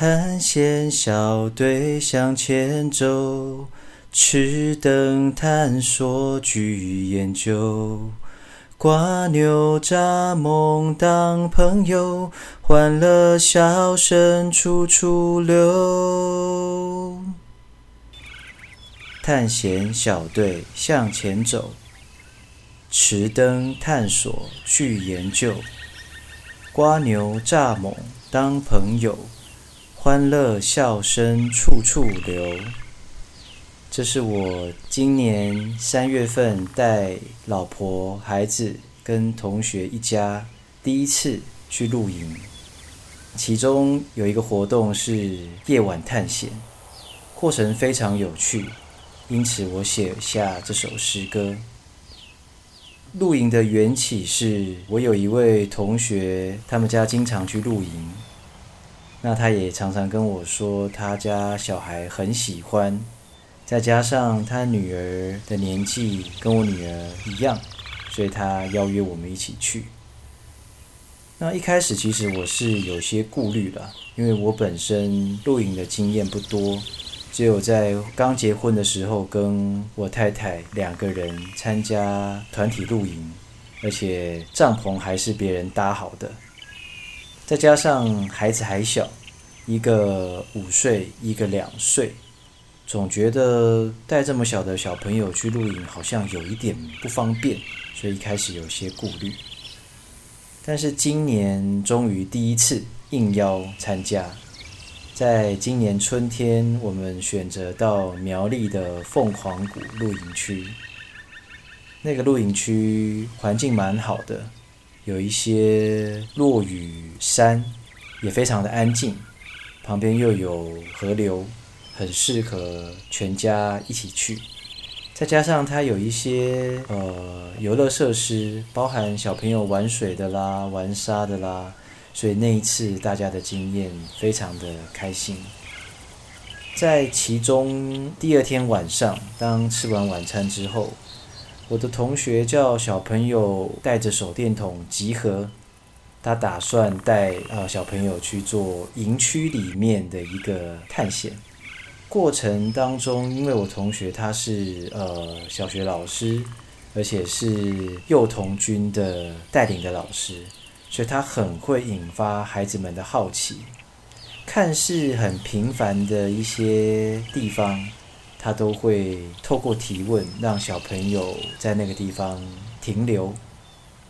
探險小隊向前走，持燈探索去研究，蝸牛蚱蜢當朋友，歡樂笑聲處處留。探險小隊向前走，持燈探索去研究，蝸牛蚱蜢當朋友。歡樂笑聲處處留。這是我今年三月份帶老婆、孩子跟同學一家第一次去露營，其中有一個活動是夜晚探險，過程非常有趣，因此我寫下這首詩歌。露營的緣起是我有一位同學，他們家經常去露營。那他也常常跟我說，他家小孩很喜歡，再加上他女兒的年紀跟我女兒一樣，所以他邀約我們一起去。那一開始其實我是有些顧慮的，因為我本身露營的經驗不多，只有在剛結婚的時候跟我太太兩個人參加團體露營，而且帳篷還是別人搭好的。再加上孩子還小，一個五歲，一個兩歲，總覺得帶這麼小的小朋友去露營好像有一點不方便，所以開始有些顧慮。但是今年終於第一次應邀參加，在今年春天，我們選擇到苗栗的鳳凰谷露營區。那個露營區環境蠻好的。有一些落雨山，也非常的安靜，旁邊又有河流，很適合全家一起去。再加上它有一些呃遊樂設施，包含小朋友玩水的啦、玩沙的啦，所以那一次大家的經驗非常的開心。在其中第二天晚上，當吃完晚餐之後，我的同學叫小朋友帶着手電筒集合，他打算帶呃小朋友去做營區裡面的一個探險。過程當中，因為我同學他是呃小學老師，而且是幼童軍的帶領的老師，所以他很會引發孩子們的好奇，看似很平凡的一些地方。他都會透過提問，讓小朋友在那個地方停留，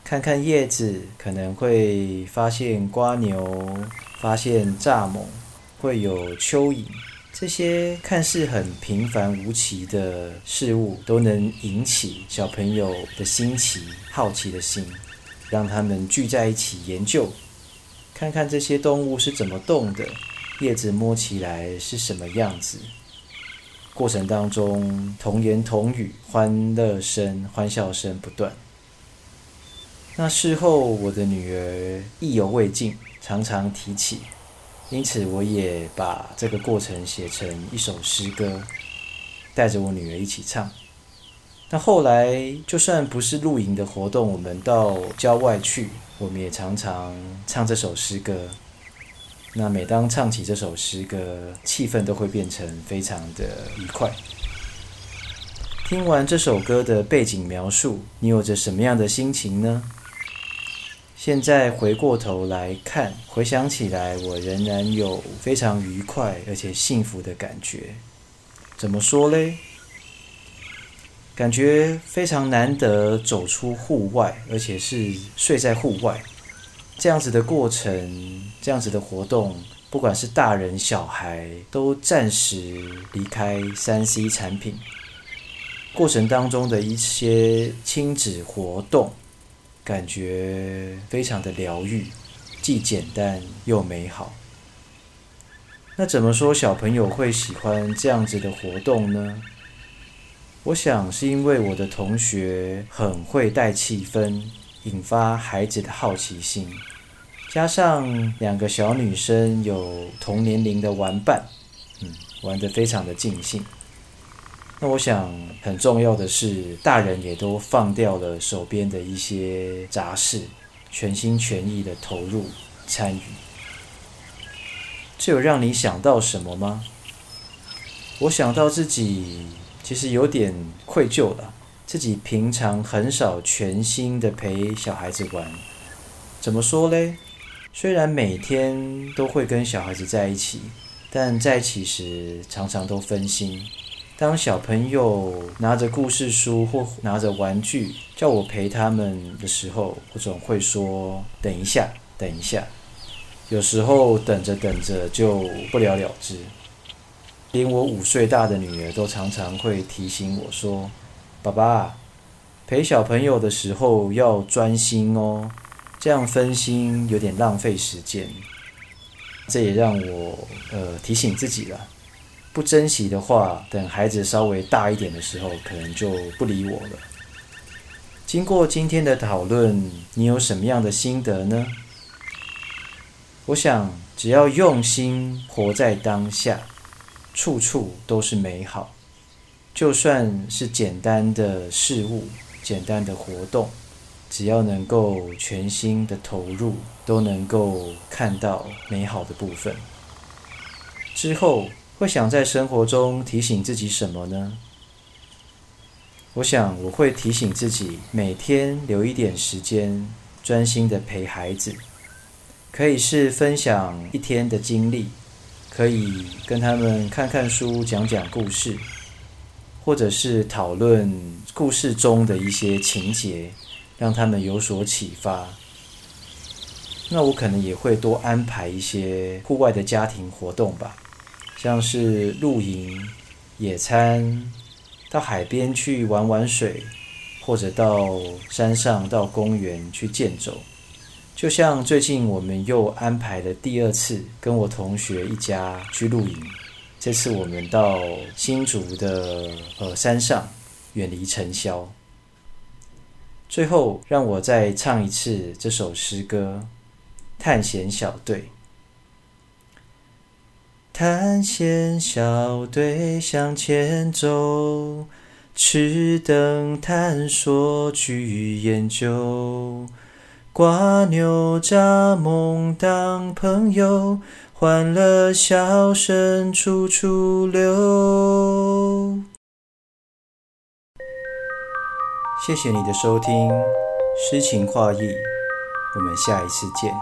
看看葉子，可能會發現蝸牛，發現蚱蜢，會有蚯蚓。這些看似很平凡無奇的事物，都能引起小朋友的新奇、好奇的心，讓他們聚在一起研究，看看這些動物是怎麼動的，葉子摸起來是什麼樣子。過程當中，童言童語，歡樂聲、歡笑聲不斷。那事後，我的女兒意猶未盡，常常提起，因此我也把這個過程寫成一首詩歌，帶着我女兒一起唱。那後來，就算不是露營的活動，我們到郊外去，我們也常常唱這首詩歌。那每當唱起這首詩歌，氣氛都會變成非常的愉快。聽完這首歌的背景描述，你有着什麼樣的心情呢？現在回過頭來看，回想起來，我仍然有非常愉快而且幸福的感覺。怎麼說嘞？感覺非常難得走出戶外，而且是睡在戶外。這樣子的過程，這樣子的活動，不管是大人小孩，都暫時離開三 C 產品。過程當中的一些親子活動，感覺非常的療癒，既簡單又美好。那怎麼說小朋友會喜歡這樣子的活動呢？我想是因為我的同學很會帶氣氛。引發孩子的好奇心，加上兩個小女生有同年齡的玩伴，嗯，玩得非常的盡興。那我想很重要的是，大人也都放掉了手邊的一些雜事，全心全意的投入參與。這有讓你想到什麼嗎？我想到自己其實有點愧疚了。自己平常很少全心地陪小孩子玩，怎麼說嘞？雖然每天都會跟小孩子在一起，但在一起時常常都分心。當小朋友拿着故事書或拿着玩具叫我陪他們的時候，我總會說：“等一下，等一下。”有時候等着等着就不了了之，連我五歲大的女兒都常常會提醒我說，爸爸陪小朋友的時候要專心哦，這樣分心有點浪費時間。這也讓我呃提醒自己了，不珍惜的話，等孩子稍微大一點的時候，可能就不理我了。經過今天的討論，你有什麼樣的心得呢？我想，只要用心活在當下，處處都是美好。就算是簡單的事物、簡單的活動，只要能夠全心的投入，都能夠看到美好的部分。之後會想在生活中提醒自己什麼呢？我想我會提醒自己，每天留一點時間，專心的陪孩子，可以是分享一天的經歷，可以跟他們看看書、講講故事。或者是討論故事中的一些情節，讓他們有所啟發。那我可能也會多安排一些戶外的家庭活動吧，像是露營、野餐，到海邊去玩玩水，或者到山上、到公園去健走。就像最近我們又安排了第二次跟我同學一家去露營。這次我們到新竹的呃山上，遠離塵囂。最後，讓我再唱一次這首詩歌《探險小隊》。探險小隊向前走，持燈探索去研究，蝸牛蚱蜢當朋友。歡樂笑聲處處留。謝謝你的收聽，詩情話意，我們下一次見。